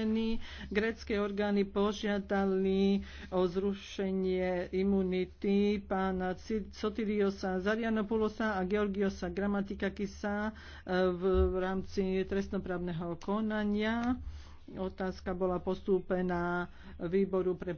zaradený. Grécké orgány požiadali o zrušenie imunity pána Sotiriosa Zarianopulosa a Georgiosa Gramatika v, eh, v rámci trestnoprávneho konania. Otázka bola postúpená výboru pre